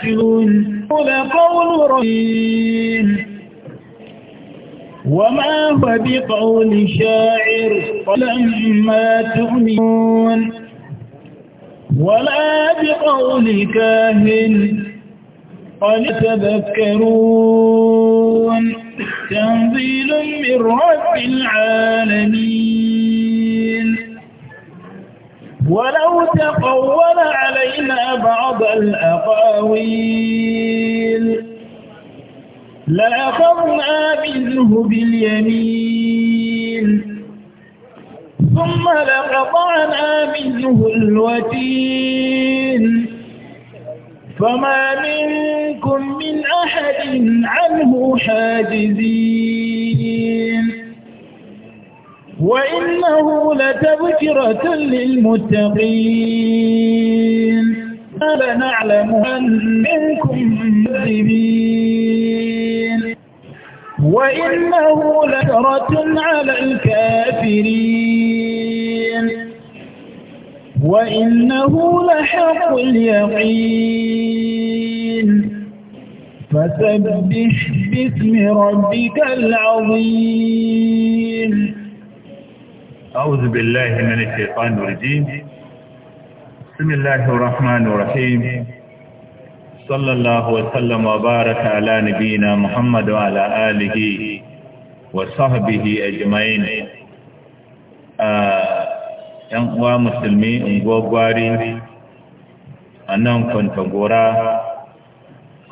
خاسرون هذا قول رهين وما هو بقول شاعر لما تؤمنون ولا بقول كاهن قل تذكرون تنزيل من رب العالمين ولو تقول علينا بعض الأقاويل لأخذنا منه باليمين ثم لقطعنا منه الوتين فما منكم من أحد عنه حاجزين وإنه لتذكرة للمتقين ألا نعلم أن منكم مذبين وإنه لترة على الكافرين وإنه لحق اليقين فسبح باسم ربك العظيم أعوذ بالله من الشيطان الرجيم بسم الله الرحمن الرحيم صلى الله وسلم وبارك على نبينا محمد وعلى آله وصحبه أجمعين ‘yan uwa musulmi ungwagwari a nan kwantagora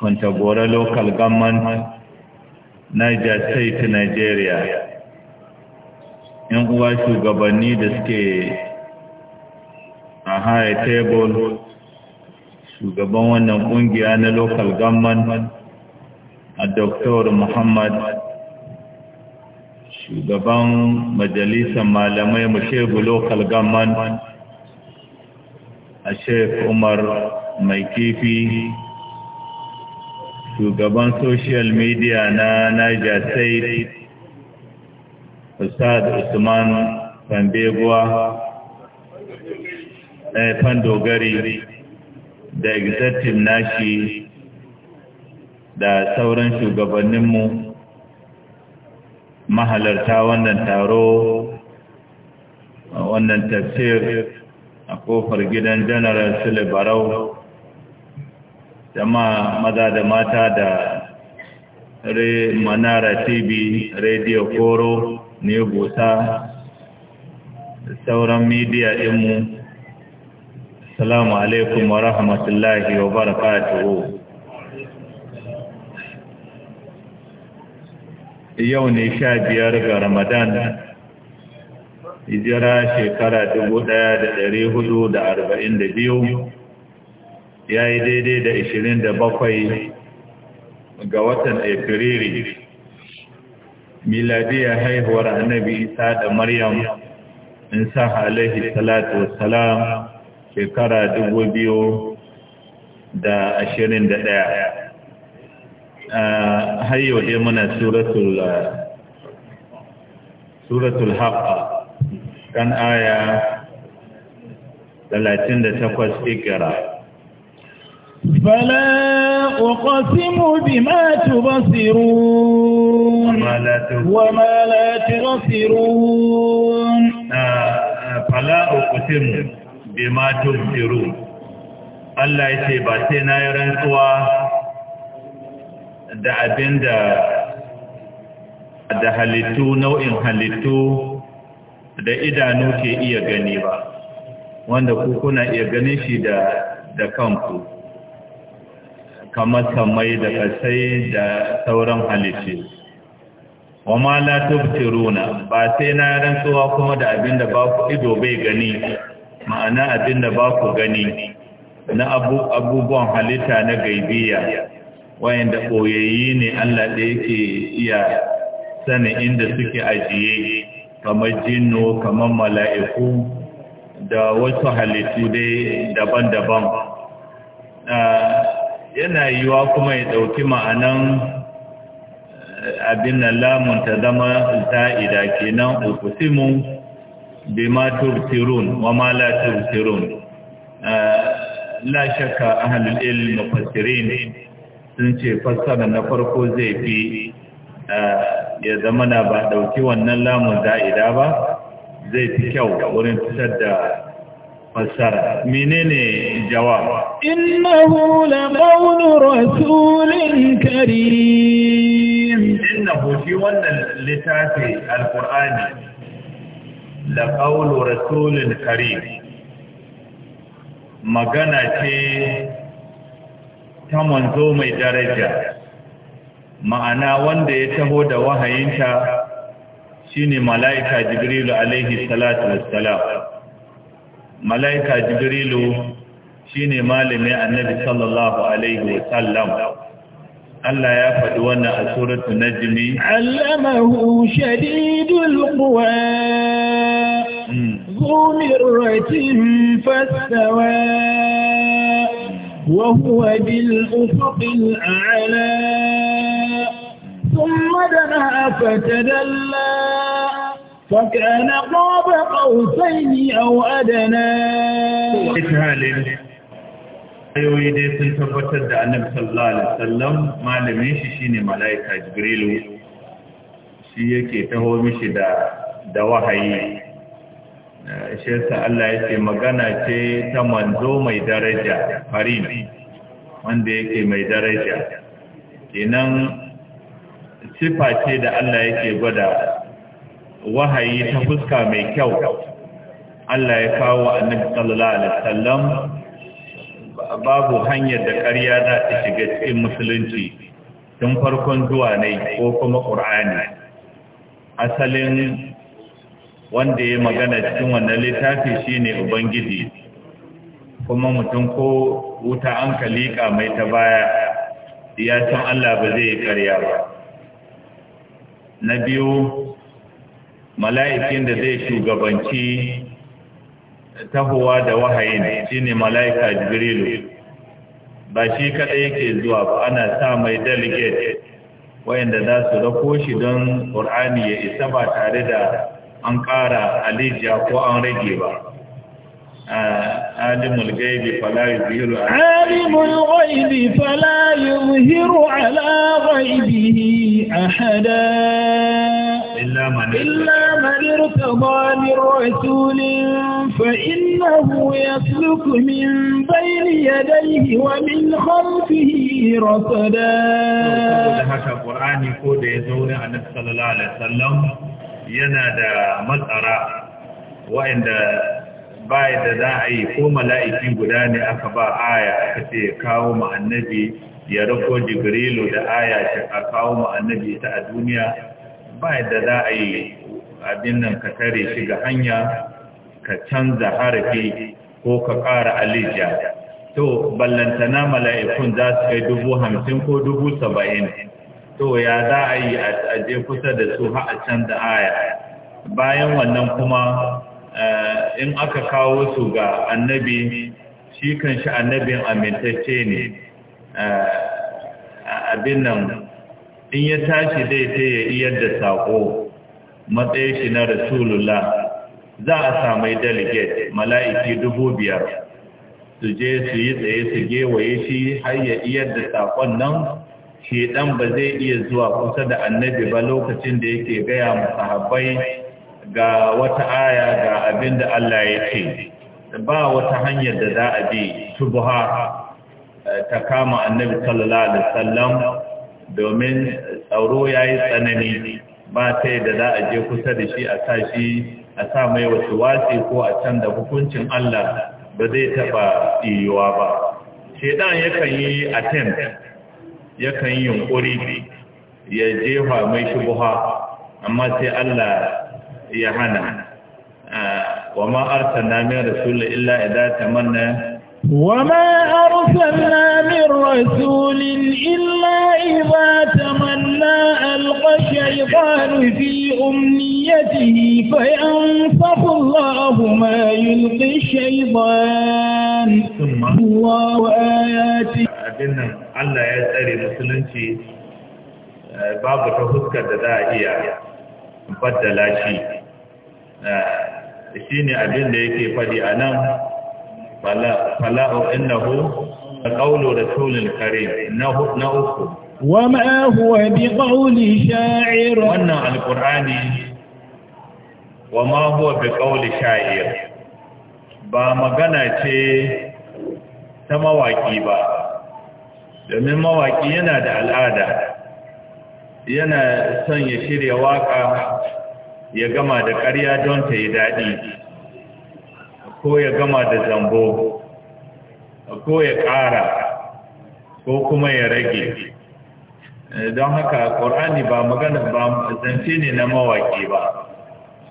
kwantagora local government niger state nigeria yan uwa shugabanni da suke a high table shugaban wannan kungiya na local government a Dr. Muhammad shugaban majalisar malamai mashebu local government a shef Umar mai kifi shugaban social media na Niger State Ustaz usman tambeguwa eh, fan dogari da executive nashi da sauran shugabanninmu mahalarta wannan taro wannan tafsir a kofar gidan general sule barau jama'a maza da mata da manara tv radio koro ne gota da sauran midiya ɗinmu salamu alaikum wa rahmatullahi wa barakatuhu yau ne sha biyar ga ramadan hijira shekara dubu ɗaya da ɗari hudu da arba'in da biyu ya yi daidai da ishirin da bakwai ga watan afiriri miladiyar haihuwar annabi isa da maryam in sa alaihi salatu wassalam shekara dubu biyu da ashirin da ɗaya har yau dai muna suratul haqqa kan aya talatin da takwas ikira فلا أقسم بما تبصرون وما لا Allah ya ce ba sai na yi rantsuwa da abin da da halittu nau'in halittu da idanu ke iya gani ba wanda ku kuna iya ganin shi da da kanku kamar samai da kasai da sauran halittu wa ma la tubtiruna ba sai na rantsuwa kuma da abinda ba ku ido bai gani ma'ana abinda ba ku gani na abubuwan halitta na gaibiya wayanda boyayyi ne Allah da yake iya sanin inda suke ajiye kamar jinno kamar mala'iku da wasu halittu dai daban-daban ah, yana yiwa kuma ya ɗauki ma'anan abin nan lamun ta zama za'ida kenan uqsimu bima tubsirun wa ma la tubsirun ah, la shakka ahlul ilm mufassirin sun ce fassara na farko zai fi ah, ya zama na ba dauki wannan lamun za'ida ba zai fi kyau wurin fitar da fassara menene jawab innahu laqawlu rasulin karim innahu shi wannan littafi alqur'ani la qawlu rasulin karim magana ce ta manzo mai daraja ma'ana wanda ya taho da wahayinta shine mala'ika jibrilu alaihi salatu wassalam mala'ika jibrilu shine malamin annabi sallallahu alaihi wasallam Allah ya faɗi wannan a suratu najmi allamahu shadidul quwa zumiratin fastawa وهو بالأفق الأعلى ثم دنا فتدلى فكان قاب قوسين أو أدنى ayoyi dai sun tabbatar da annabi sallallahu alaihi wasallam malamin shi shine malaika jibril shi yake taho mishi da da wahayi eh, shi yasa Allah yake magana ce ta manzo mai daraja karim wanda yake mai daraja kenan sifa ce da Allah yake gwada wahayi ta fuska mai kyau Allah ya kawo annabi sallallahu alaihi wasallam babu hanyar da ƙarya za ta shiga cikin musulunci tun farkon zuwa ne ko kuma ƙur'ani asalin wanda ya magana cikin wannan littafi shine ubangiji kuma mutum ko wuta an kalika mai ta baya ya san Allah ba zai ƙarya ba na biyu mala'ikin da zai shugabanci tahowa da wahayin shine mala'ika jibrilu ba shi kadai yake zuwa ba ana sa mai delegate wayanda za su rako shi don qur'ani ya isa ba tare da an ƙara alijiya ko an rage ba عالم الغيب فلا يظهر عالم الغيب فلا يظهر على غيبه أحداً إلا من ارتضى من رسول فإنه يسلك من بين يديه ومن خلفه رصدا هذا القرآن يقول يزول عن صلى الله عليه وسلم ينادى مسأرة وإن baya da za a ba da za a yi abin nan ka tare shi ga hanya ka canza harafi ko ka ƙara alija to ballantana mala'ikun za su kai dubu hamsin ko dubu saba'in to ya za a yi a je kusa da su ha a canza aya bayan wannan kuma eh, in aka kawo su ga annabi shi kan shi annabin amintacce ne eh, abin nan in ya tashi dai ta ya iyar da saƙo matsayin shi na rasulullah za a samai delegate mala'iki dubu biyar su je su yi tsaye su gewaye shi har ya iyar da saƙon nan shi ɗan ba zai iya zuwa kusa da annabi ba lokacin da yake gaya habai ga wata aya ga abin da Allah ya ce ba wata hanyar da za a bi subha eh, ta kama annabi sallallahu alaihi wasallam domin tsaro ya yi tsanani ba ta da za a je kusa da shi a sa shi a sa mai wasu wasi ko a can da hukuncin Allah ba zai taɓa iyuwa ba. Shedan yakan yi attempt, yakan yi yunkuri ya jefa mai shubuha, amma sai Allah ya hana. Wa ma arsalna min rasulun illa idza tamanna wa arsalna فينفخ الله ما يلقي الشيطان الله آياتي أبنى الله يسأل مسلنتي باب تهزك الدائية بدل شيء آه، شيني أبنى يكي فدي أنا فلا فلا إنه قول رسول الكريم إنه نأخذ وما هو بقول شاعر وأن القرآن wa ma huwa bi qawli sha'ir ba magana ce ta mawaki ba domin mawaki yana da al'ada yana son ya shirya waka ya gama da ƙarya don ta yi daɗi ko ya gama da zambo ko ya ƙara ko kuma ya rage eh, don haka ƙorani ba magana ba zance ne na mawaki ba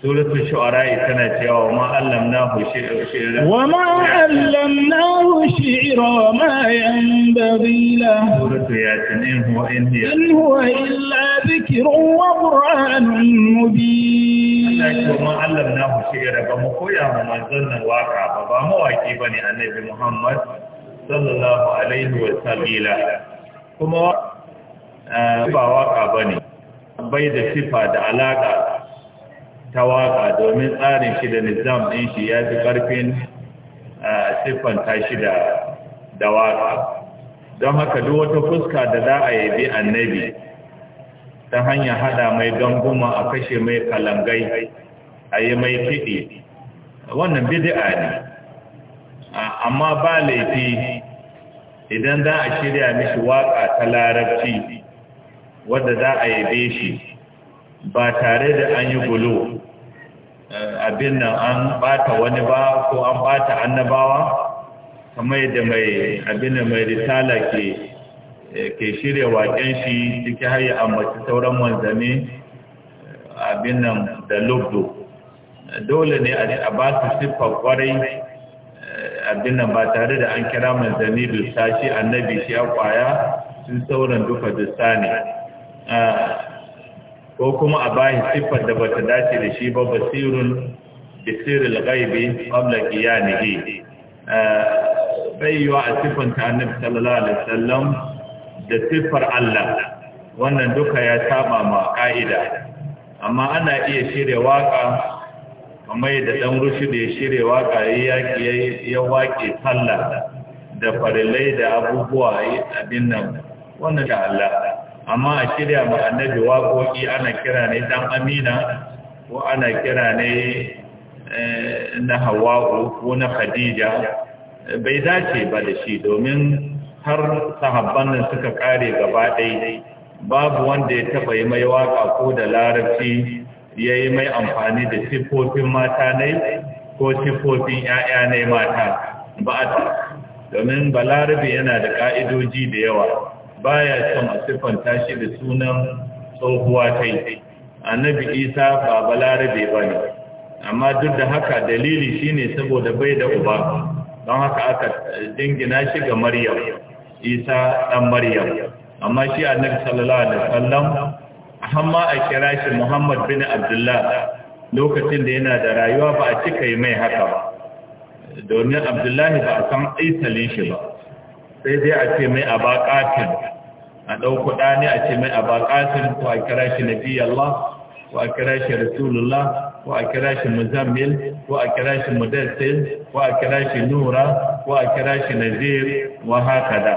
suratul shu'ara tana cewa ma allamnahu shi'ra wa ma allamnahu shi'ra ma yanbaghi la suratul yasin in huwa in hiya in huwa illa dhikrun wa qur'anun mubin ma allamnahu shi'ra ba mu koya ma manzon nan waka ba ba mawaki bane annabi Muhammad sallallahu alaihi wa sallam kuma eh, ba waka bane bai da sifa da alaka ta waka domin tsarin shi da nizam ɗin shi ya fi ƙarfin siffanta shi da waka don haka duk wata fuska da za a yabi annabi ta hanyar hada mai ganguma a kashe mai kalangai a yi mai wannan bid'a ne amma ba laifi idan za a shirya mishi waka ta larabci wadda za a yabe shi ba tare da an yi gulo abin nan an bata wani ba ko an bata annabawa kamar yadda mai abin mai risala ke ke shirya waƙen shi cikin har ya ambaci sauran manzanni abin nan da lobdo dole ne a ba su siffar kwarai abin nan ba tare da an kira manzanni dusta shi annabi shi a kwaya sun sauran duka dusta ne ko kuma a bayan siffar da bata dace da shi ba basirun bisirul ghaibi qabla qiyamihi eh, bai yiwa a siffanta annabi sallallahu alaihi sallam da siffar Allah wannan duka ya taɓa ma ƙa'ida. amma ana iya shirya waƙa, kamar yadda dan rushi da ya shirya waƙa, ya waƙe sallah da farilai da abubuwa abin nan wannan da Allah amma a shirya ma annabi waƙoƙi ana kira ne dan amina ko ana kira ne eh, na hawa'u ko na hadija bai dace ba da shi domin har sahabban nan suka kare gaba ɗai babu wanda ya taɓa yi mai waƙa ko da larabci ya yi mai amfani da siffofin mata ne ko siffofin 'ya'ya ne mata ba domin balarabe yana da ƙa'idoji da yawa baya son a siffanta shi da sunan tsohuwa ta yi annabi isa ba balarabe ba ne amma duk da haka dalili shine saboda bai da uba don haka aka dingina shi ga maryam isa ɗan maryam amma shi annabi sallallahu alaihi wasallam amma a kira shi muhammad bin abdullah lokacin da yana da rayuwa ba a cika yi mai haka ba domin abdullahi ba a san aisalin shi ba sai dai a ce mai abaqatin a dauko dani a ce mai abaqatin ko a kira shi nabi Allah ko a kira shi rasulullah ko a kira shi muzammil ko a kira shi mudassir ko a kira shi nura ko a kira shi nazir wa da.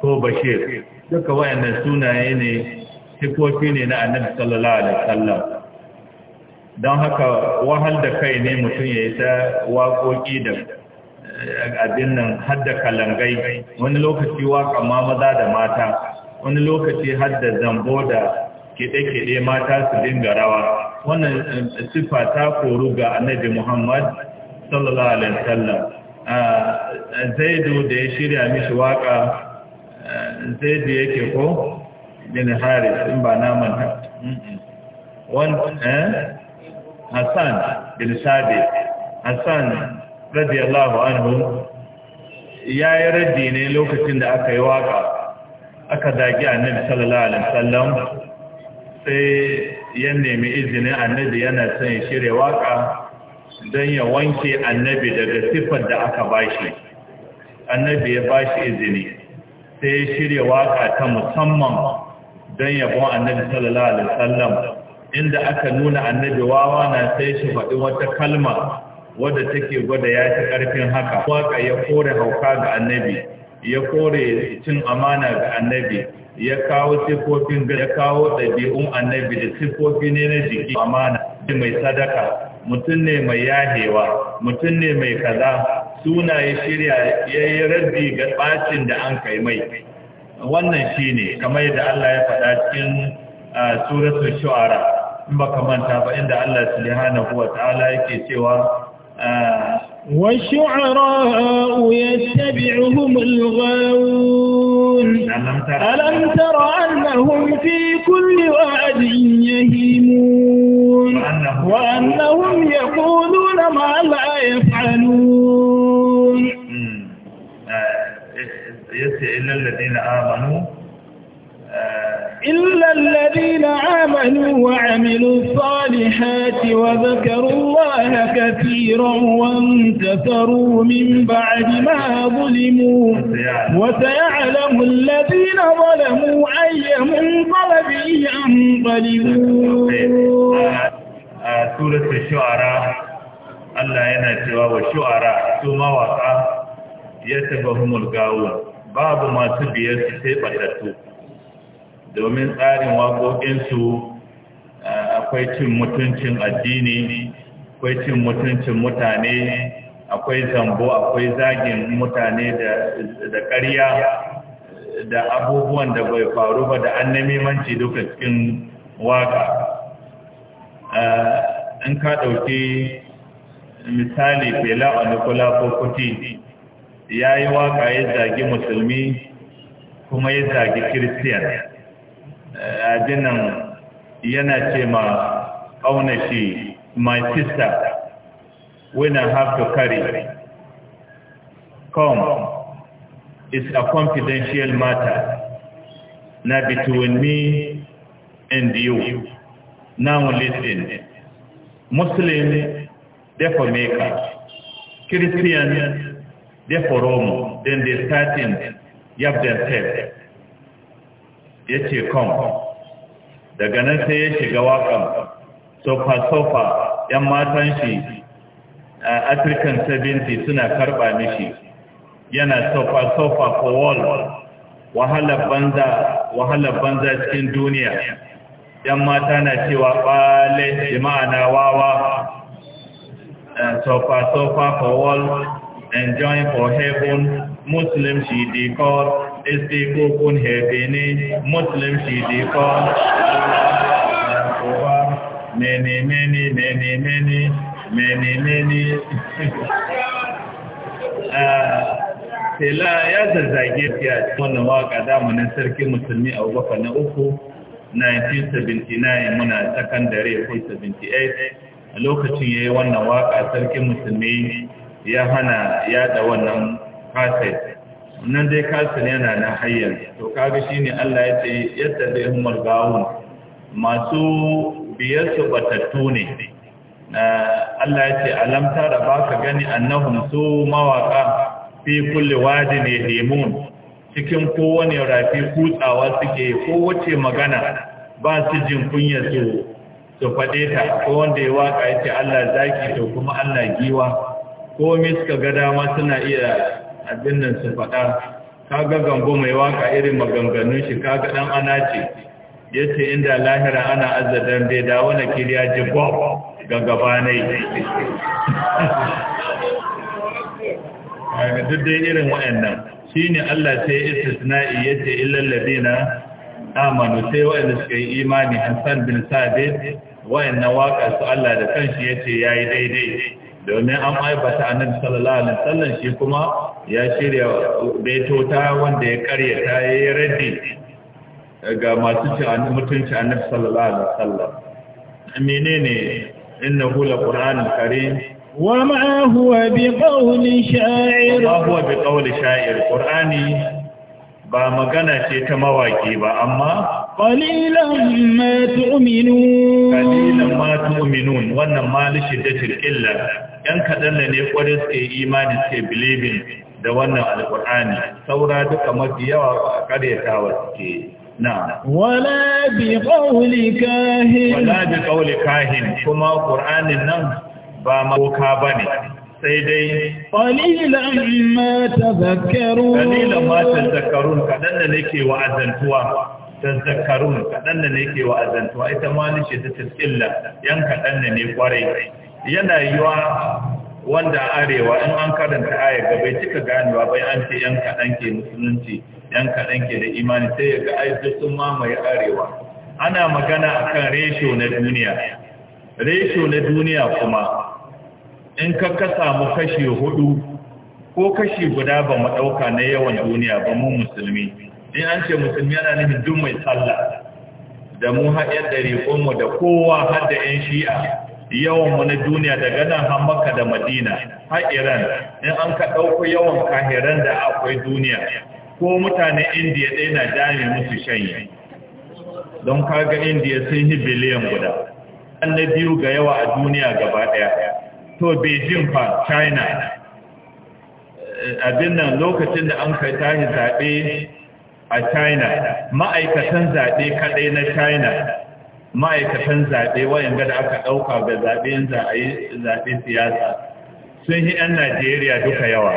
ko bashir duka wayannan sunaye ne sifofi ne na annabi sallallahu alaihi wasallam don haka wahal da kai ne mutum ya yi ta waƙoƙi da abin nan hadda kalangai wani lokaci waka ma maza da mata wani lokaci hadda zambo da kiɗe-kiɗe mata su dinga rawa wannan eh, sifa ta koru ga annabi muhammad sallallahu alaihi wasallam ah, zaidu da ya shirya mishi waka eh, zaidu yake ko bin haris in ba naman eh? hassan bin sabi hassan radiyallahu anhu ya yi raddi ne lokacin da aka yi waka aka dagi annabi sallallahu alaihi wasallam sai ya nemi izinin annabi yana son ya shirya waka don ya wanke annabi daga siffar da aka bashi annabi ya bashi izini sai ya shirya waka ta musamman don yabon annabi sallallahu alaihi wasallam inda aka nuna annabi wawa na sai shi faɗi wata kalma Wanda take gwada ya ci ƙarfin haka waka ya kore hauka ga annabi ya kore cin amana ga annabi ya kawo sifofin ya kawo ɗabi'un annabi da sifofi ne na jiki amana mai sadaka mutum ne mai yahewa mutum ne mai kaza ya shirya ya yi raddi ga ɓacin da an kai mai wannan shi ne kamar yadda Allah ya faɗa cikin suratun shu'ara in ba manta ba inda Allah subhanahu wa ta'ala yake cewa آه، والشعراء يتبعهم الغاوون ألم تر أنهم في كل واد يهيمون وأنهم يقولون ما لا يفعلون آه، إلا الذين آمنوا آه، إلا الذين آمنوا وعملوا الصالحات والصالحات وذكروا الله كثيرا وانتفروا من بعد ما ظلموا وسيعلم الذين ظلموا أي منقلب أن ظلموا سورة الشعراء الله ينتوى والشعراء ثم وقع يتبهم القاول باب ما تبيه سيبه لتو domin tsarin wakokinsu akwai cin mutuncin addini akwai cin mutuncin mutane akwai zambo akwai zagin mutane da ƙarya da abubuwan da bai faru ba da an manci duka cikin waka eh, in ka ɗauki misali fela a nukula ko kuti ya yi waka ya zagi musulmi kuma ya zagi kiristiyan eh, a jinan yana ce ma shi my sister when I have to carry come is a confidential matter na between me and you now listen Muslim for Mecca Christian for Rome then they start in yab themselves yace come daga nan sai ya shiga waƙan sofa-sofa ‘yan matan shi a african 70 suna karɓa mishi yana sofa-sofa for wall wahalar banza wahalar banza cikin duniya ‘yan mata na cewa ɓale jima'a na wawa sofa-sofa for wall enjoying for heaven muslim she dekor. istikokun hebene muslim shidikon many many many many many many Tela ah, ya zazzage fiye wannan waka damanin sarki musulmi a waka na uku 1979 muna sakandare ko 78 a lokacin ya yi wannan waka sarki musulmi ya hana yada wannan kaset nan dai kasin yana na hayyar to kaga shine Allah ya ce yadda zai humar gawun masu biyar su batattu ne Allah ya ce alamta da ba ka gani annahum su mawaka fi kulli wadi ne hemun cikin kowane rafi kutsawa suke kowace magana ba su jin kunya su su faɗe ta ko wanda ya waka ya ce Allah zaki to kuma Allah giwa ko suka ga dama suna iya abin nan su faɗa Ka ga gambo mai waka irin maganganun shi kaga ɗan ana ce ya ce inda lahira ana azadar bai da wani kiriya ji bob ga gabanai duk dai irin waɗannan shi ne Allah sai istisna'i ya ce illallabi na amanu sai waɗanda suka yi imani hassan bin sa'adid waɗannan waka su Allah da kanshi ya ce ya yi daidai domin an maibata annabi sallallahu alaihi wasallam shi kuma ya shirya baitota wanda ya karyata ya yi raddi ga masu cin mutunci annabi sallallahu alaihi wasallam menene innahu laqur'anul karim wama huwa biqawli sha'ir wama huwa biqawli sha'ir qur'ani ba magana ce ta mawaki ba amma قليلا ما تؤمنون قليلا ما تؤمنون wannan ma li shiddatil illa yan kadan ne kware suke imani suke believing da wannan alqur'ani saura duka mafi yawa a karyatawa suke na wala bi qawli kahin wala bi qawli kahin kuma qur'anin nan ba maboka bane sai dai qalilan ma tadhakkarun qalilan ma tadhakkarun kadan tazzakarun kaɗan da ne ke wa'azantuwa ita malice ta taskilla yan kaɗan da ne kwarai yana yiwa wanda arewa in an karanta aya ga bai cika ganewa bai an ce yan kaɗan ke musulunci yan kaɗan ke da imani sai ya ga aiki sun mamaye arewa ana magana akan resho na duniya resho na duniya kuma in ka kasa mu kashi hudu ko kashi guda ba mu ɗauka na yawan duniya ba mu musulmi in an ce musulmi yana nufin duk mai sallah da mu haɗe da riƙonmu da kowa har da 'yan shi'a yawanmu na duniya daga nan hamaka da madina har iran in an ka ɗauko yawan kahiran da akwai duniya ko mutane indiya ɗaya na jami musu shanye don kaga indiya sun yi biliyan guda an na biyu ga yawa a duniya gaba ɗaya to beijing fa china abin nan lokacin da an kai tashi zaɓe a China ma'aikatan zaɓe kaɗai na China ma'aikatan zaɓe wayanda da aka ɗauka ga zaɓe zaɓe siyasa sun yi 'yan Najeriya duka yawa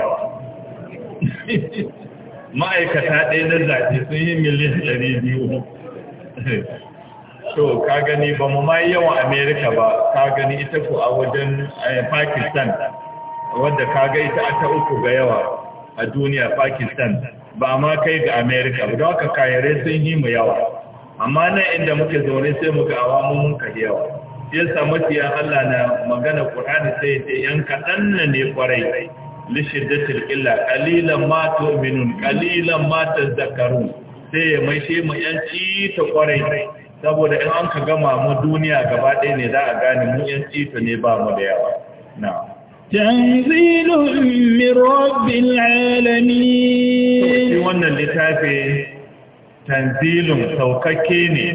ma'aikata ɗaya na zaɓe sun yi miliyan ɗari biyu to ka gani ba mu ma yi yawan Amerika ba ka gani ita ku a wajen eh, Pakistan wadda ka ga ita ta uku ga yawa a duniya Pakistan ba ma kai ga amerika ba don haka kayare sun yi mu yawa amma nan inda muke zaune sai mu ga awamu mun ka yawa samu mafiya Allah na magana Qur'ani sai ce yan kadan ne kwarai li shiddatil illa qalilan ma tu'minun qalilan ma tadhakkarun sai ya shi mu yan ta kwarai saboda in an ka gama mu duniya gaba ɗaya ne za a gane mu yan ta ne ba mu da yawa na'am تنزيل من رب العالمين wannan littafin, tanzilun saukakke ne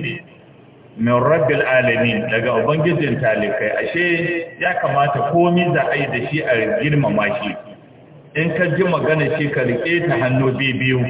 min rabbil alamin daga ubangijin talikai ashe ya kamata komai za a yi da shi a girmama shi in ka ji magana shi ka rike ta hannu biyu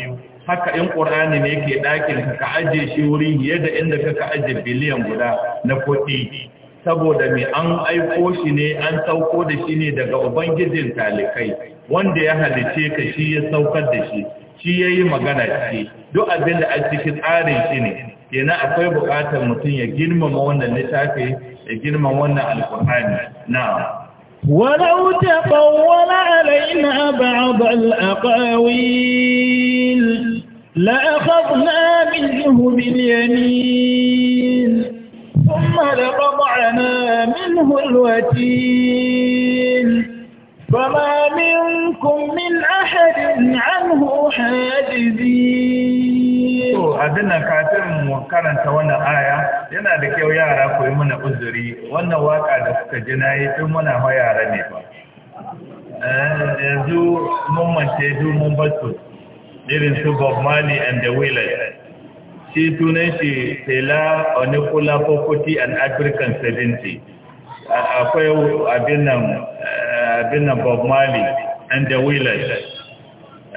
haka in ƙur'ani ne ke ɗakin ka ka aje shi wuri da inda kaka ka aje biliyan guda na kuɗi saboda mai an aiko shi ne an sauko da shi ne daga ubangijin talikai wanda ya halice ka shi ya saukar da shi shi ya yi magana shi duk abin da a cikin tsarin shi ne yana akwai buƙatar mutum ya girmama wannan littafi ya girmama wannan alkuhani na ولو تقول علينا بعض الأقاويل لأخذنا منه باليمين ثم لقطعنا منه الوتين فما منكم من أحد عنه حاجزين abin nan kafin mu karanta wannan aya yana da kyau yara koyi mana uzuri wannan waka da kuka ji na yi tun muna ma yara ne ba eh, yanzu mun mance du mun basu irin su Bob Marley and the Wailers shi tunan shi tela onikula fokoti an african sedenti akwai eh, abin nan bob marley and the wheelers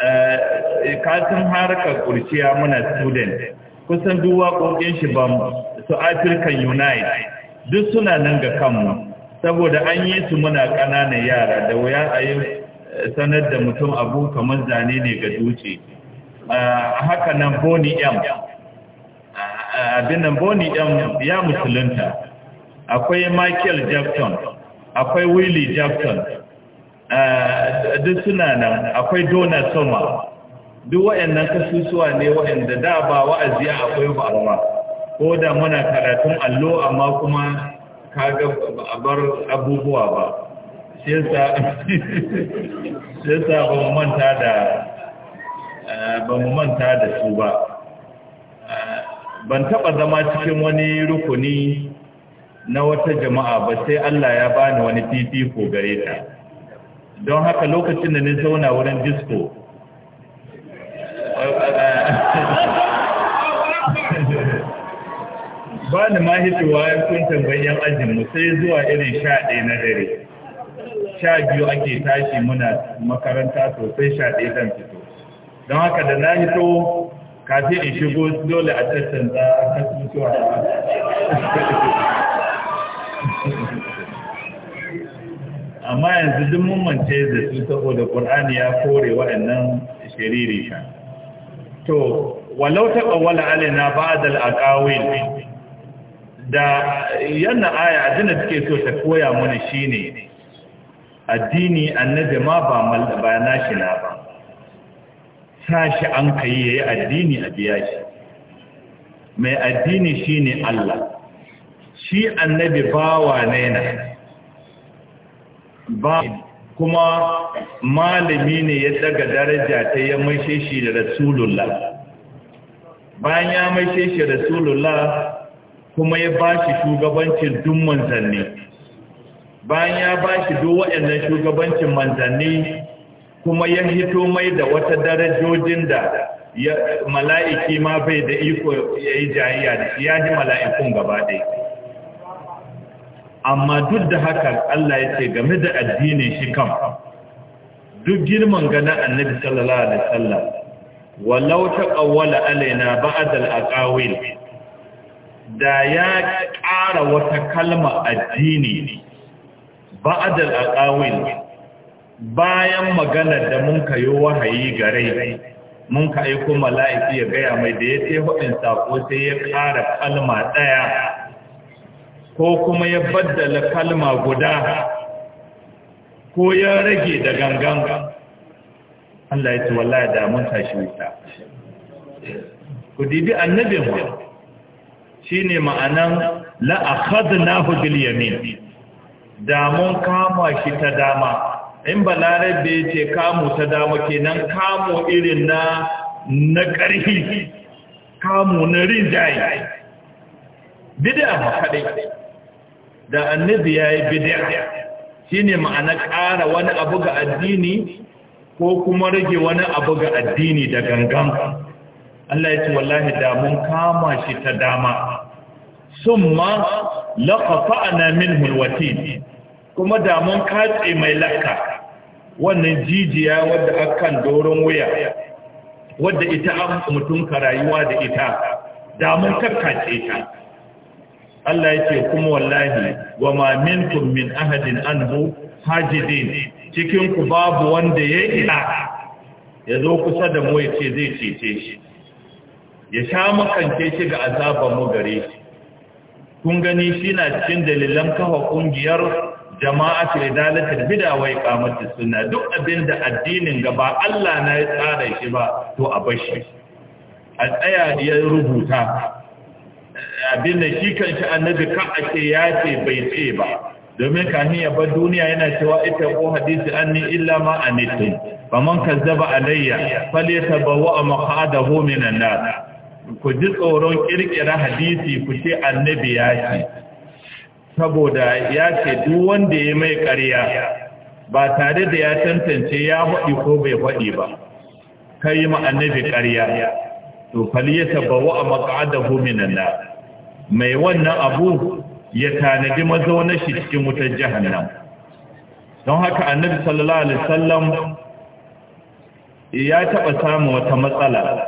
eh, katin harkar kurciya muna student kusan duwa waƙoƙin shi ba su african unite duk suna nan ga kanmu saboda an yi su muna ƙananan yara da wuya a yi eh, sanar da mutum abu kamar zane ne ga duce haka nan boni m abin nan boni ɗan ya musulunta akwai michael jackson akwai willie jackson eh, duk suna nan akwai Donald soma duk wa'annan kasusuwa ne wa'anda da ba wa'azi akwai ba'arwa ko da muna karatun allo amma kuma kaga bar abubuwa ba shi yasa ba mu manta da eh, su ba ban taɓa zama cikin wani rukuni na wata jama'a ba sai Allah ya bani wani fifiko gare ta don haka lokacin da ni zauna wurin disco ba ni ma hitowa kun ajinmu sai zuwa irin sha ɗaya na dare sha biyu ake tashi muna makaranta sosai sha ɗaya zan fito don haka da na hito kafin in shigo dole a tattanta kasusuwa amma yanzu duk mummance da su saboda ƙur'ani ya kore waɗannan shiriri sha to walau ta ƙawala alina ba da al'aƙawin da yana aya adina suke so ta koya mana shine addini annabi ma ba na shi na ba sashi an kai yayi addini a biya shi mai addini shine Allah shi annabi bawa ne na ba kuma malami ne ya daga daraja ta ya maishe shi da rasulullah bayan ya maishe shi rasulullah kuma ya bashi shi shugabancin duk manzanni bayan ya ba duk waɗannan shugabancin manzanni kuma ya hito mai da wata darajojin da mala'iki ma bai da iko ya yi jayayya da ya ji mala'ikun gaba ɗaya amma duk da haka Allah ya ce game da addinin shi kam duk girman gana annabi sallallahu alaihi wasallam walau alaina ba'd al-aqawil da ya ƙara wata kalma addini ba'd al-aqawil bayan maganar da mun ka yi wahayi gare mun ka aiko mala'iki ya gaya mai da ya sai hudin sako sai ya ƙara kalma ɗaya ko kuma ya baddala kalma guda ko ya rage da gangan Allah ya ce wallahi da mun tashi wuta ku dibi annabin wa shine ma'anan la akhadnahu bil yamin da mun kama shi ta dama in balarabe larabe ce kamu ta dama kenan kamu irin na na ƙarfi kamu na rinjaye bid'a ba kaɗai da annabi ya yi bid'a shi ne ma'ana ƙara wani abu ga addini ko kuma rage wani abu ga addini da gangan Allah ya ce wallahi da mun kama shi ta dama Summa ma laƙafa ana min hulwati kuma da mun katse mai lakka wannan jijiya wadda akan doron wuya wadda ita an mutum ka rayuwa da ita damun kakkace ta Allah yake kuma wallahi wa ma minkum min ahadin anhu hajidin cikin ku babu wanda ya ila ya zo kusa da mu yace zai cece shi ya sha makance shi ga azaban mu gare shi kun gani shi na cikin dalilan kafa kungiyar jama'atu idalatul bid'a wa iqamatus sunna duk abinda addinin gaba Allah na ya tsara shi ba to a bashi a tsaya ya rubuta abinda shi annabi ka a ce ya ce bai ce ba domin kafin ya bar duniya yana cewa ita ko hadisi anni illa ma anitu faman kazzaba alayya falyatabawwa maqadahu minan nar ku ji tsoron kirkira hadisi ku ce annabi ya ce saboda ya ce duk wanda ya mai ƙarya ba tare da ya tantance ya haɗi ko bai haɗi ba kai ma annabi ƙarya to ya bawa a maƙa'adahu minan na mai wannan abu ya tanadi mazaunar shi cikin wutar jahannam don haka annabi sallallahu alaihi wasallam ya taɓa samun wata matsala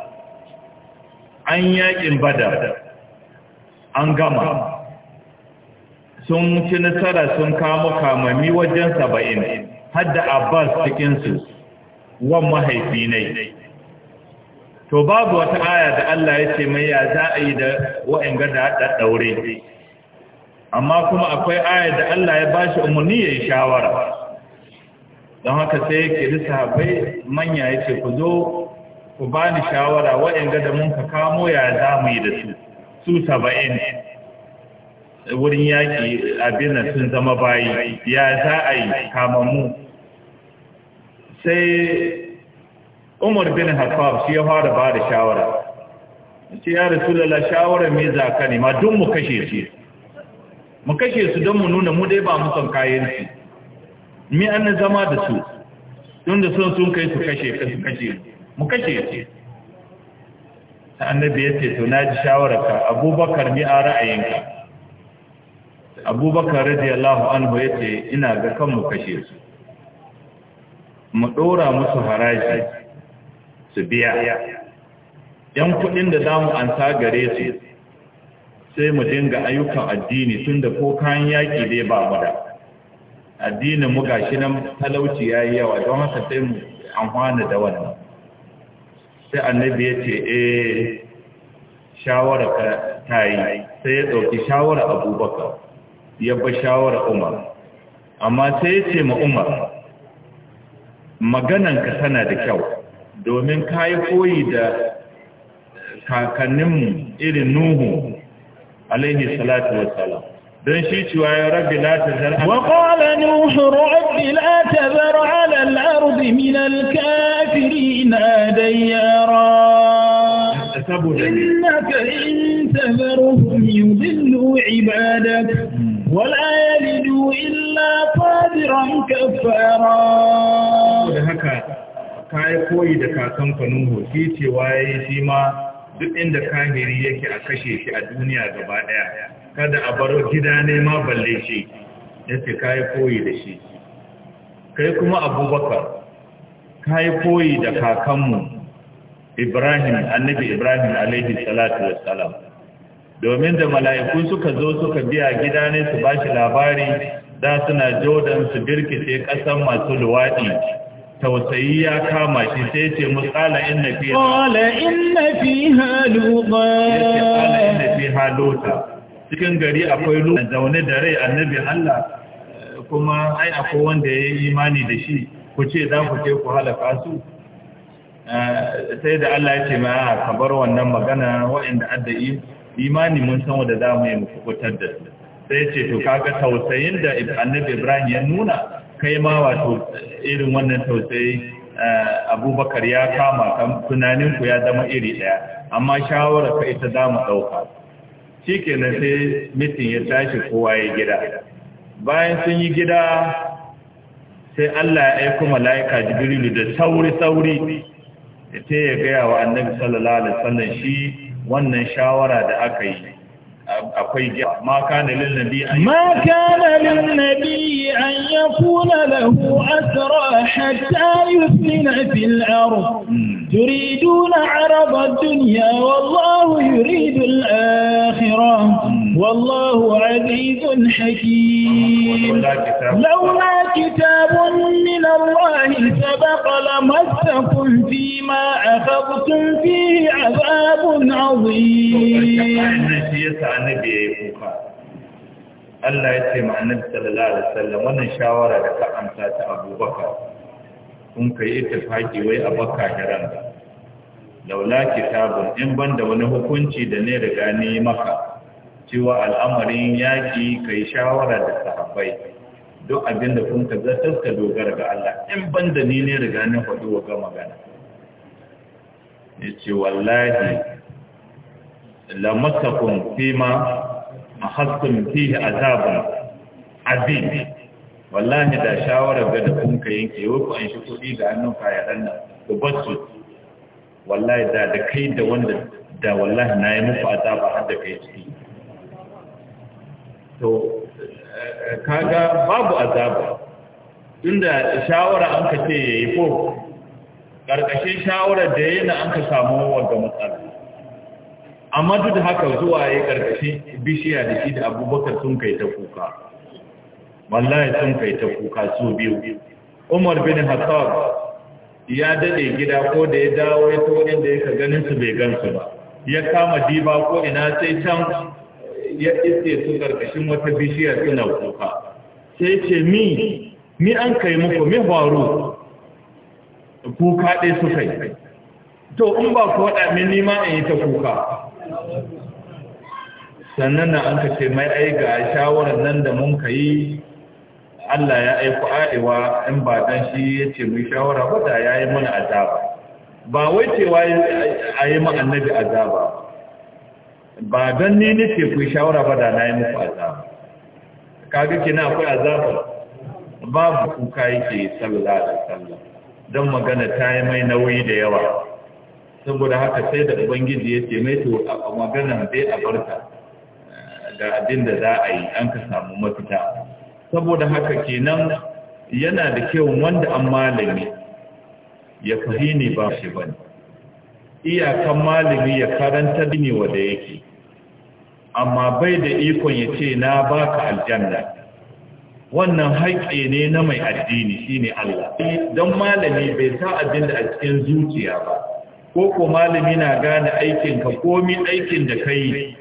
an yaƙin bada, an gama sun ci nasara sun kamo kamami wajen saba'in hadda abbas cikinsu wa mahaifi ne to babu wata aya da Allah ya mai ya za a yi da gada da daure amma kuma akwai aya da Allah ya bashi umarni ya yi shawara don haka sai yake sahabbai manya ya ku zo ku bani shawara wa'in da mun ka kamo ya za mu yi da su su saba'in wurin yaƙi abin nan sun zama bayi ya za a yi kamammu sai umar bin hafaf shi ya fara ba da shawara ce ya rasulala shawara mai zaka ne ma don mu kashe shi mu kashe su don mu nuna mu dai ba mu son kayan su mi an zama da su don da sun sun kai su kashe su kashe mu kashe shi annabi ya ce to na ji shawararka abubakar mi a ra'ayinka abubakar radiyallahu anhu ya ce ina ga kanmu kashe su mu ɗora musu haraji su biya ‘yan kuɗin da za mu an gare su sai mu dinga ayyukan addini tun da ko kayan yaƙi dai ba mu da addinin mu gashi nan talauci ya yi yawa don haka sai mu amfana da wannan sai annabi ya ce eh shawara ta yi sai ya ɗauki shawara abubakar ya ba shawara umar amma sai ya ce ma umar magananka tana da kyau domin ka yi koyi da kakanninmu irin nuhu alaihi salatu wassalam don shi cewa ya rabbi la tazar wa nuhu rabbi la tazar ala al min al-kafirin dayyara saboda innaka in tazarhum yudillu ولا يلد إلا فاجرا كفارا haka kai koyi da kakan nuhu shi ce waye shi ma duk inda kahiri yake a kashe shi a duniya gaba daya kada a bar gida ne ma balle shi yace kai koyi da shi kai kuma abubakar kai koyi da kakan mu, ibrahim annabi ibrahim alaihi salatu wassalam domin da mala'iku suka zo suka biya gida ne su ba shi labari da suna jodan su birkice ƙasan masu luwaɗi tausayi ya kama shi sai ce musala inna fi qala cikin gari akwai luqa zaune da rai annabi Allah kuma ai akwai ya yi imani da shi ku ce za ku ce ku halaka su eh, sai da Allah ya ce ma ka wannan magana waɗanda adda'i imani mun san wanda za mu yi kutar da su sai ce to kaga tausayin da annabi ibrahim ya nuna kai ma wato irin wannan tausayi eh, abubakar ya kama kan ku ya zama iri ɗaya amma shawara ka ita za mu ɗauka shi kenan sai mitin ya tashi kowa ya gida bayan sun yi gida sai Allah ya aiko mala'ika jibrilu da sauri-sauri ya ce ya gaya wa annabi sallallahu alaihi wasallam shi wannan shawara da aka yi akwai ma kana lin nabi an ma kana lin nabi an yakuna lahu asra hatta yusmina fil ard turiduna arada ad-dunya wallahu yuridu al-akhirah والله عزيز حكيم لولا كتاب من الله سبق لمسكم فيما أخذتم فيه عذاب عظيم Allah ya ce ma'anar sallallahu Alaihi wasallam wannan shawara da ta amsa ta abubakar kun ka yi tafaki wai a baka hiran laula kitabun in ban da wani hukunci da ne da gane maka cewa al'amarin yaƙi ka yi shawara da sahabbai duk abin da kun ka zartar dogara ga Allah in ban da ni ne riga na faɗi wa ga magana ya ce wallahi lamasakun fima a haskun fiye azabun azim wallahi da shawarar ga da kun ka yanke yau an shi kuɗi ga hannun kayaran nan ku basu wallahi da da kai da wanda da wallahi na yi muku azaba har da kai ciki to eh, kaga babu azaba inda shawara an ka ce ya yi ko ƙarƙashin shawarar da yana an ka samu wanda matsala amma duk da haka zuwa yayi ƙarƙashin bishiya da shi da abubakar sun kai ta kuka wallahi sun kai ta kuka su biyu umar bin hassan ya daɗe gida ko da ya dawo ya to inda yake ganin su bai gansu ba ya kama diba ko ina sai can ya iske su karkashin wata bishiyar suna kuka sai ce mi mi an kai muku mi faru kuka ɗai suka yi to in ba ku waɗa min nima in yi ta kuka sannan na an ka ce mai ai ga shawarar nan da mun ka yi Allah ya aiku arewa in ba dan shi ya ce mu shawara ba da ya yi mana azaba ba wai cewa a yi ma annabi azaba ba don ni nake ku shawara ba da na yi muku azaba kaga kina akwai azaba babu kuka yake sallah da sallah don magana ta yi mai nauyi da yawa saboda haka sai da ubangiji ya ce mai to a magana dai a barka da abin da za a yi an ka samu mafita saboda haka kenan yana da kyau wanda an malami ya fahimi ba shi bane iyakan malami ya karanta dini da yake amma bai da ikon ya ce na baka aljanna wannan haƙƙi ne na mai addini shine Allah eh, don malami bai sa abin da a cikin zuciya ba ko ko malami na gane aikin ka komi aikin da kai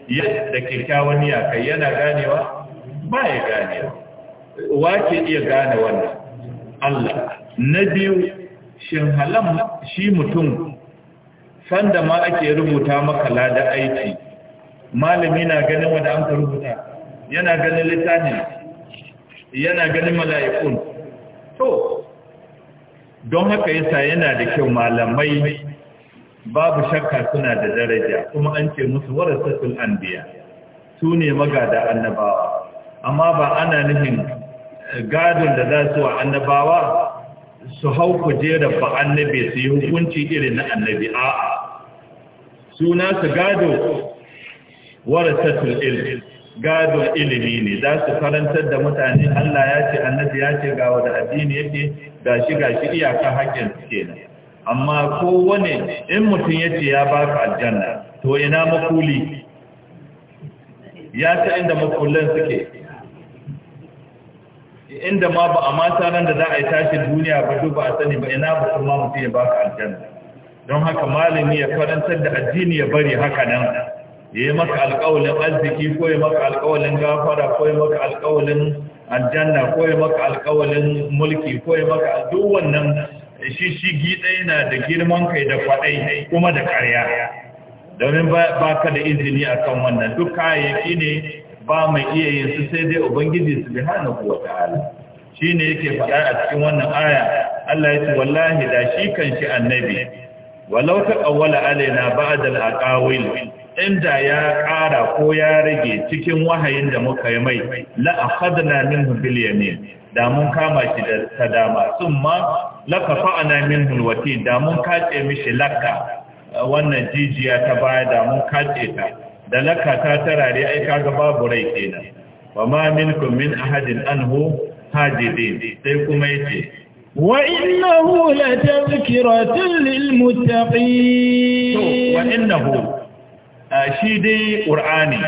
da kyakkyawan ya kai yana ganewa ba ya ganewa ke iya gane wannan Allah na biyu shin halam shi mutum sanda ma ake rubuta maka da aiki malami na ganin wanda an rubuta yana ganin littafin yana ganin mala'ikun to don haka yasa yana da kyau malamai babu shakka suna da daraja kuma an ce musu warasatul anbiya su ne magada annabawa amma ba ana nufin gadon da za su wa annabawa su hau kujerar ba annabi su yi hukunci irin na annabi a'a suna su gado warasatul ilm gado ilimi ne za su karantar da mutane Allah ya ce annabi ya ce ga wanda addini yake gashi gashi iyaka hakkin su kenan amma kowane in mutum yace ya baka aljanna to ina makuli ya ta inda makullan suke inda ma ba a mata nan da za a yi tashin duniya ba duk ba a sani ba ina ba kuma mutum ya baka aljanna don haka malami ya karantar da addini ya bari haka nan ya yi maka alƙawalin arziki ko ya maka alƙawalin gafara ko ya maka alƙawalin aljanna ko ya maka alƙawalin mulki ko ya maka duk wannan shi ɗaya na da girman kai da kwaɗai kuma da ƙarya domin ba ka da izini a kan wannan duk kayayyaki ne ba mai iya yin su sai dai ubangiji su bi hana kuwa ta'ala shi ne yake faɗa a cikin wannan aya Allah ya ce wallahi da shi kan shi annabi walau ta ƙawwala alaina ba'dal aqawil inda ya ƙara ko ya rage cikin wahayin da muka yi mai la'akadna min bil ne da mun kama shi da ta dama summa lakafa'na minhu alwati da mun kace mishi lakka wannan jijiya ta baya da mun kace ta da lakka ta tarare ai kaga babu rai kenan wa ma minkum min ahadin anhu hajidin sai kuma yace وإنه لتذكرة للمتقين وإنه A shi dai ƙur'ani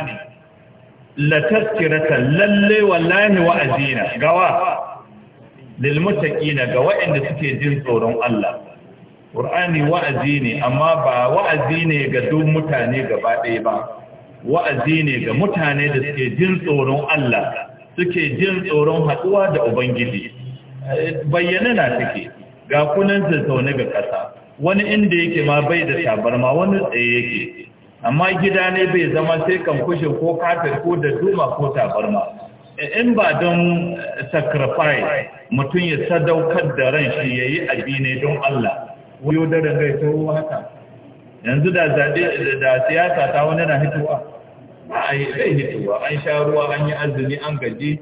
lataskirata lalle wallahi wa'azina gawa lilmuttaqina ga waɗanda suke jin tsoron Allah ƙur'ani wa'azi ne amma ba wa'azi ne ga duk mutane gaba ɗaya ba wa'azi ne ga mutane da suke jin tsoron Allah suke jin tsoron haɗuwa da ubangiji bayyana na take ga kunan zaune ga ƙasa wani inda yake ma bai da tabarma wani tsaye yake amma gida ne bai zama sai kan kushe ko kafir ko da duma ko tabarma in ba don sacrifice mutum ya sadaukar da ran shi ya yi abi ne don Allah wuyo da rangai ta ruwa haka yanzu da zaɓe da siyasa ta wani na hitowa ai bai hituwa an sha ruwa an yi azumi an gaji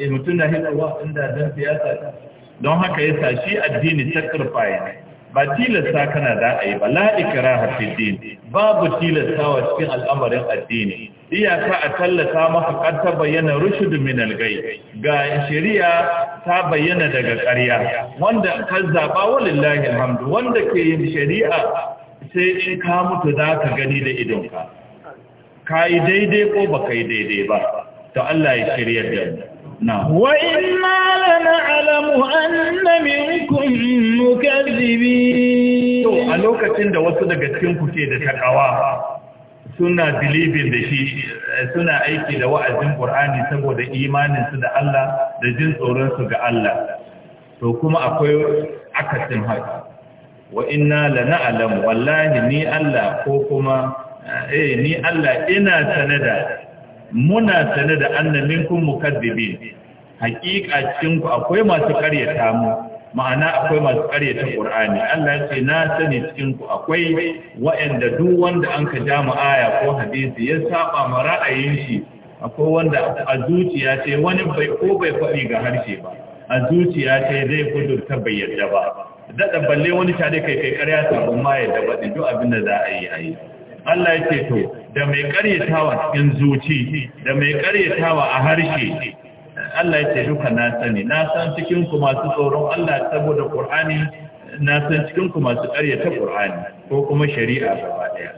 eh, mutum na hituwa inda don siyasa ta don haka ya sa shi addini sacrifice ba tilasta kana za a yi ba la'ikira hafidin babu tilasta wa cikin al'amarin addini iyaka a tallata maka kan bayyana rushudu min ga shari'a ta bayyana daga ƙarya wanda ka zaɓa walillahi alhamdu wanda ke yin shari'a sai in ka mutu za ka gani da idonka ka yi daidai ko ba ka yi daidai ba to Allah ya shiryar da mu وإنا لنعلم أن منكم مكذبين a lokacin da wasu daga cikin ku ke da takawa suna believing da shi suna aiki da wa'azin Qur'ani saboda imaninsu da Allah da jin tsoron ga Allah to kuma akwai akasin haka wa inna lana'lamu wallahi ni Allah ko kuma eh ni Allah ina sanada muna sane da anna kun mukaddibin hakika cikin ku akwai masu karyata mu ma'ana akwai masu karyata Qur'ani Allah ya ce na sani cikin akwai wa'anda duk wanda an ka ja mu ko hadisi ya saba ma ra'ayin shi akwai wanda a zuciya ce wani bai ko bai faɗi ga harshe ba a zuciya ce zai kudurta bai yadda ba daɗa balle wani tare kai kai karya sabon ma yadda ba duk abin da za a yi a yi Allah ya ce to da mai karyatawa cikin zuci da mai karyatawa a harshe Allah ya ce duka na sani na san cikin ku masu tsoron Allah saboda Qur'ani na san cikin ku masu karyata Qur'ani ko kuma shari'a gaba daya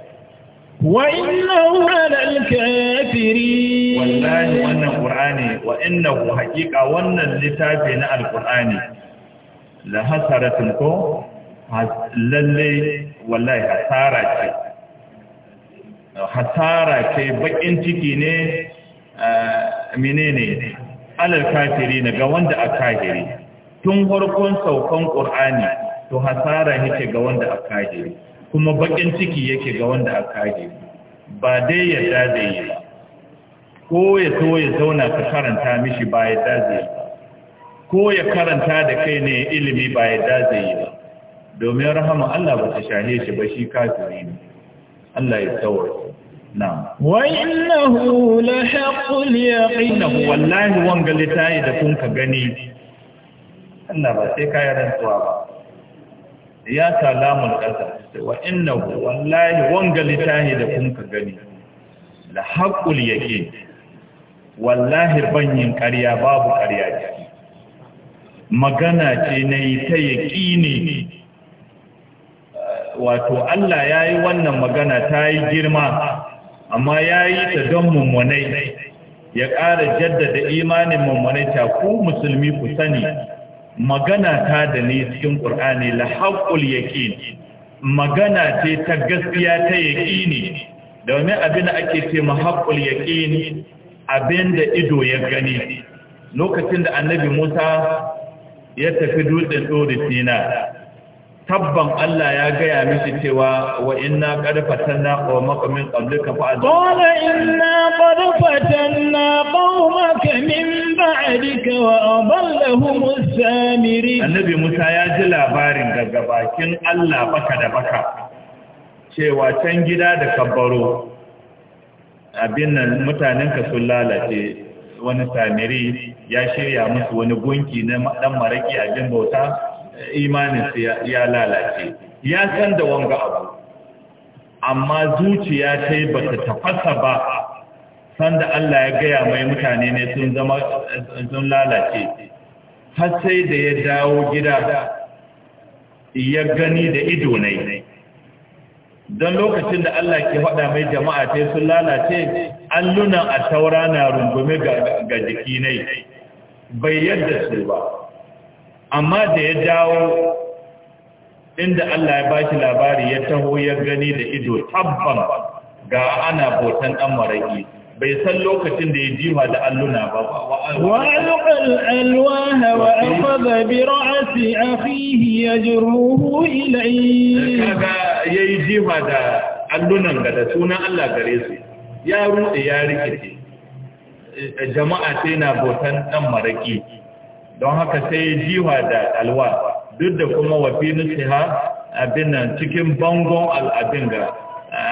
wa innahu 'alal kafirin wallahi wannan Qur'ani wa innahu haqiqa wannan littafi na al-Qur'ani la hasaratun ko lalle wallahi hasara ce hasara ce bakin ciki ne menene alal kafiri ne ga wanda a kafiri tun farkon saukan qur'ani to hasara yake ga wanda a kafiri kuma bakin ciki yake ga wanda a kafiri ba dai ya dade yi ba ko ya so ya zauna ka karanta mishi ba ya dade yi ba ko ya karanta da kai ne ilimi ba ya dade yi ba domin rahama Allah ba ta shahe shi ba shi kafiri ne Allah ya tsawar na wa'innahu la haqqul yaqin wallahi wanga litayi da kun ka gani Allah ba sai ka yi rantsuwa ba ya salamul qasam wa'innahu wallahi wanga litayi da kun ka gani la haqqul yaqin wallahi banyin ƙarya babu ƙarya ce magana ce na yi ta yaƙi ne. wato Allah ya yi wannan magana ta yi girma amma ya yi ta don mummunai ya ƙara jaddada imanin mummunai ta ku musulmi ku sani magana ta da ni cikin ƙur'ani la haƙul yaƙin magana ce ta gaskiya ta yaƙini domin abin da ake ce ma haƙul yaƙini abin da ido ya gani lokacin da annabi musa ya tafi dutsen tsoro sina tabban Allah ya gaya mishi cewa wa inna qad fatanna qawmaka min qablika fa qala inna qad fatanna qawmaka min ba'dika wa adallahum as-samiri annabi Musa ya ji labarin daga bakin Allah baka da baka cewa can gida da kabbaro abin nan mutanen ka sun lalace wani samiri ya shirya musu wani gunki na dan maraki abin bauta imaninsa ya lalace ya san da wanga abu amma zuciya ta yi ba ta tafasa ba sanda Allah ya gaya mai mutane ne sun zama sun lalace har sai da ya dawo gida ya gani da ido ne don lokacin da Allah ke faɗa mai jama'a ta sun lalace allunan a taura na rungume ga jiki ne bai yadda su ba amma da ya dawo inda Allah ya bashi labari ya taho ya gani da ido tabban ga ana botan dan maraki bai san lokacin da ya jiwa da alluna ba wa alqal alwaha wa akhadha bi ra'si akhihi yajruhu ilayhi kaga yayi jiwa da allunan ga da sunan Allah gare su ya rude ya rikice jama'a sai na botan dan maraki don haka sai jiwa da alwa duk da kuma wafi nusiha abin nan cikin bangon al'abin ga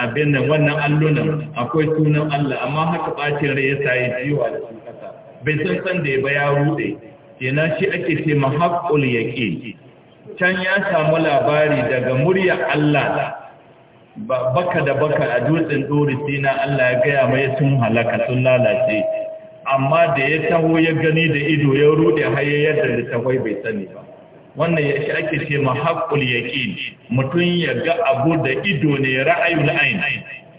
abin nan wannan allunan akwai sunan Allah amma haka bacin rai ya sayi jiwa da sun bai san san da ya ba ya rude kenan shi ake ce mahaqqul yaqin can ya samu labari daga murya Allah baka da baka a dutsen dori sina Allah ya gaya mai sun halaka sun lalace amma da ya taho ya gani da ido ya rude haye yadda littafai bai sani ba wannan ya shi ake ce ma haƙul yaƙin mutum ya ga abu da ido ne ra'ayul ain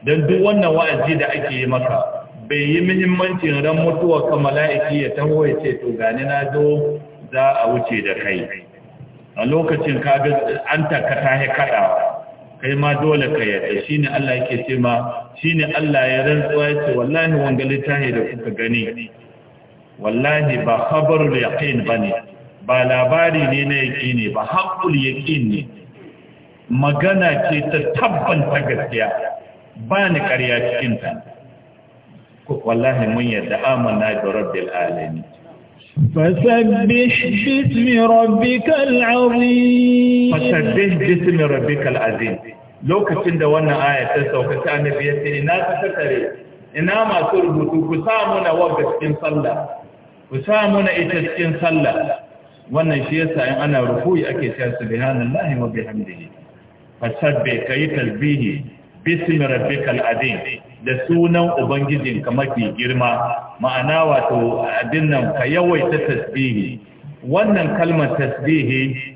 dan duk wannan wa'azi da ake yi maka bai yi muhimmancin ran mutuwa ka mala'iki ya taho ya ce to gani na zo za a wuce da kai a lokacin ka ga an takata kaɗa. kaɗawa kai ma dole ka yarda ne Allah yake ce ma ne Allah ya rantsuwa yace wallahi wanga littafi da kuka gani wallahi ba khabarul yaqin bane ba labari ne na yaqini ba haqqul yaqin ne magana ce ta tabbanta gaskiya ba ni ƙarya cikin ta wallahi mun yarda amanna da rabbil alamin فسبح باسم ربك العظيم فسبح باسم ربك العظيم lokacin da wannan aya ta sauka sai annabi ya ce ina ta tare, ina masu rubutu ku sa muna wagga cikin sallah ku sa muna ita cikin sallah wannan shi yasa in ana rukuyi ake cewa subhanallahi wa bihamdihi fasabbih kayi talbihi bismi rabbikal azim da sunan ubangijin ka mafi girma ma'ana wato abin nan ka yawaita tasbihi wannan kalmar tasbihi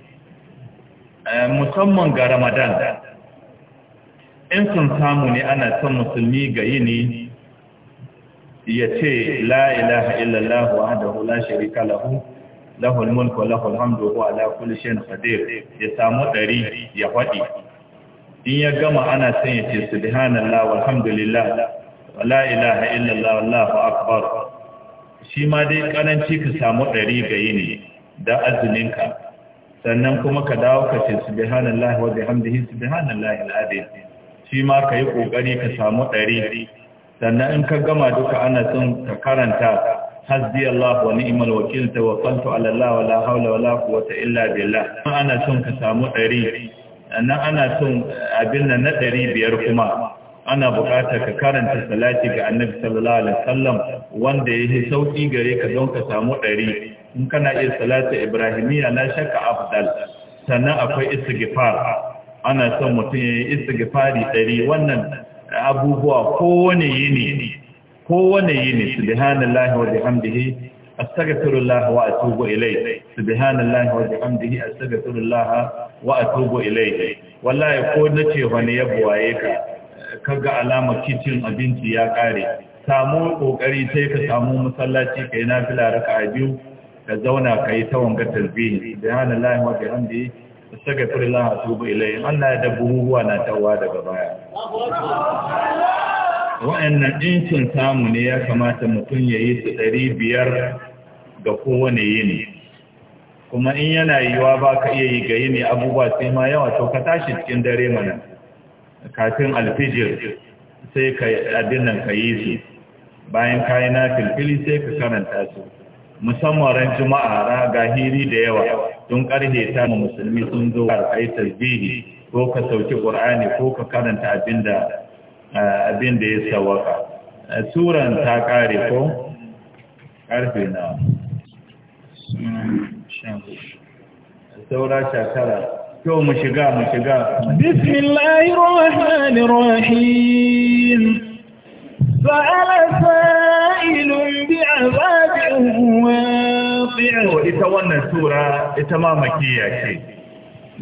eh, musamman ga ramadan in sun samu ne ana son musulmi ga yini ya ce la ilaha illallah wahdahu la sharika lahu lahul mulku lahul hamdu wa ala kulli shay'in qadir ya samu dari ya faɗi in ya gama ana son ya ce subhanallah walhamdulillah wala ilaha illallah wallahu akbar shi ma dai karanci ka samu ɗari ga yini da azuminka sannan kuma ka dawo ka ce subhanallah wa bihamdihi subhanallah alazim shi ma ka yi ƙoƙari ka samu ɗari sannan in ka gama duka ana son ka karanta hasbi Allah wa ni'mal wakil tawakkaltu ala Allah wa la hawla wa la quwwata illa billah ana son ka samu ɗari nan ana son abin nan na ɗari biyar kuma ana buƙatar ka karanta salati ga annabi sallallahu alaihi wasallam wanda ya yi sauƙi gare ka don ka samu ɗari in kana iya salati ibrahimiyya na shakka afdal sannan akwai istighfar ana son mutum ya yi istighfari ɗari wannan abubuwa kowane yini kowane yini subhanallahi wa bihamdihi أستغفر الله وأتوب إليه سبحان الله وبحمده أستغفر الله وأتوب إليه والله يقول نتي wani yabo waye kaga alamar kicin abinci ya kare samu kokari sai ka samu masallaci kai nafila raka'a biyu ka zauna kai ta wanga tasbihi subhanallahi wa bihamdihi astaghfirullah wa atubu ilayhi Allah ya dabbu huwa na tawa daga baya wa'annan ɗincin samu ne ya kamata mutum ya yi su ɗari biyar ga kowane yini kuma in yana yiwuwa ba ka iya yi ga yini abubuwa sai ma yawa to ka tashi cikin dare mana kafin alfijir sai ka abin ka yi su bayan kayi na filfili sai ka karanta su musamman ran juma'a ra ga hiri da yawa don ƙarfe ta musulmi sun zo a kai tasbihi ko ka sauki ƙur'ani ko ka karanta abin da Eh, abin da ya sawaka eh, suran ta kare ko karfe na saura shakara yau mu shiga mu shiga bismillahir rahmanir rahim sa'ala sa'ilun bi'azabin wa ita wannan sura ita ma makiya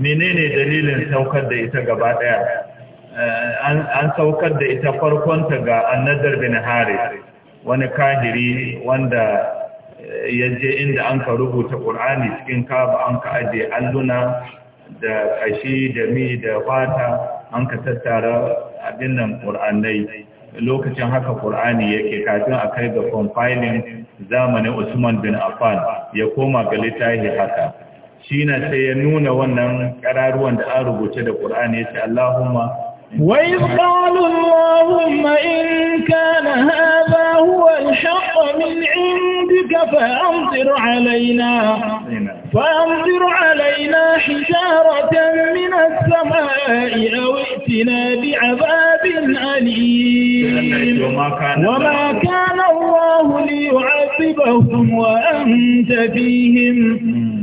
menene dalilin saukar da ita gaba daya Eh, an saukar da ita farkon ta ga annadar bin wani kahiri wanda eh, ya je inda an ka rubuta ƙur'ani cikin kaba an ka aje alluna da ƙashi da mi da fata an ka tattara abin nan ƙur'anai lokacin haka ƙur'ani yake kafin a kai ga compiling zamanin usman bin affan ya koma ga littafi haka shi na sai ya nuna wannan kararuwan da an rubuta da ƙur'ani ya ce allahumma وإذ قالوا اللهم إن كان هذا هو الحق من عندك فأمطر علينا فأمطر علينا حجارة من السماء أو ائتنا بعذاب أليم وما كان الله ليعذبهم وأنت فيهم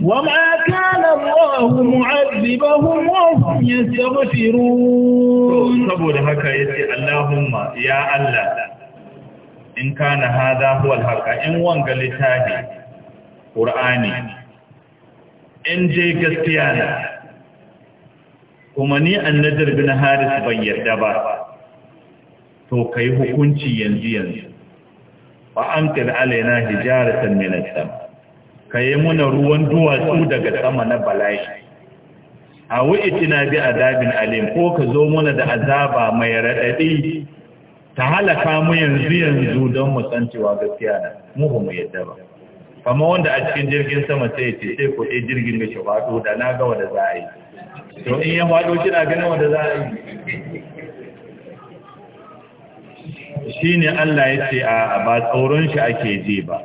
وما كان الله معذبهم وهم يستغفرون سبود هكا يسي اللهم يا الله إن كان هذا هو الحق إن وانقل تاهي قرآني in je gaskiya ne kuma ni annadir bin haris ban yarda ba to kai hukunci yanzu yanzu an amtir alaina hijaratan min as-sam kai muna ruwan duwatsu daga sama na bala'i a wu'itina bi azabin alim ko ka zo muna da azaba mai raɗaɗi? ta halaka mu yanzu yanzu don mu san cewa gaskiya na, mu ba mu ba amma wanda a cikin jirgin sama sai ya ce sai ku ɗai jirgin da shi faɗo da na ga wanda za a yi to in ya faɗo kina ganin wanda za a yi shi ne Allah ya ce a ba tsoron shi ake ji ba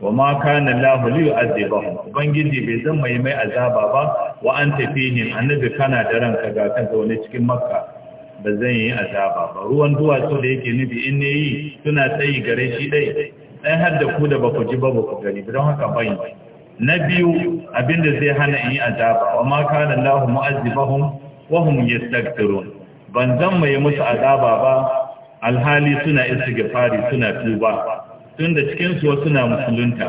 wa ma kana lahu li yu'adhibahum ubangiji bai zan mai mai azaba ba wa anta fihim annabi kana da ranka ga kan zaune cikin makka ba zan yi azaba ba ruwan duwatsu da yake nufi in ne yi suna tsayi gare shi dai ai har da ku da ba ku ji ba ba ku gani don haka bai na biyu abinda zai hana in yi azaba wa ma kana Allahu mu'azzibahum wa hum yastaghfirun ban zan mai musu azaba ba alhali suna istighfari suna tuba tunda cikin su suna musulunta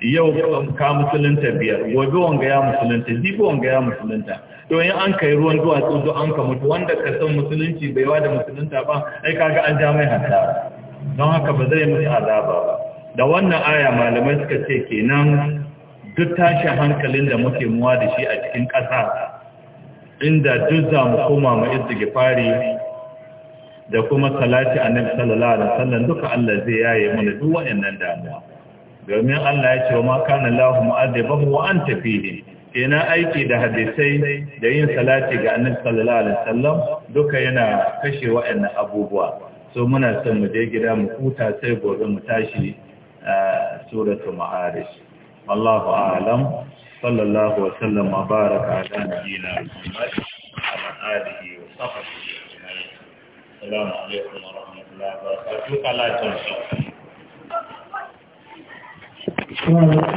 yau ka musulunta biyar gobe wanga ya musulunta jibi wanga ya musulunta to in an kai ruwan duwatsu duk an ka mutu wanda ka san musulunci bai wa da musulunta ba ai kaga an ja mai hasara don haka ba zai musu azaba ba da wannan aya malamai suka ce kenan duk tashin hankalin da muke muwa da shi a cikin ƙasa inda duk za mu koma mu ke fari da kuma salati nan sallallahu alaihi wasallam duka Allah zai yaye mana duk waɗannan damuwa domin Allah ya ce wa ma kana Allahu mu'adhibahu wa anta fihi ina aiki da hadisai da yin salati ga annabi sallallahu alaihi wasallam duka yana kashe waɗannan abubuwa so muna son mu je gida mu kuta sai gobe mu tashi suratu ma'arij wallahu a'lam sallallahu wa sallam wa baraka ala nabiyyina muhammad wa alihi wa sahbihi ajma'in assalamu alaikum wa rahmatullahi wa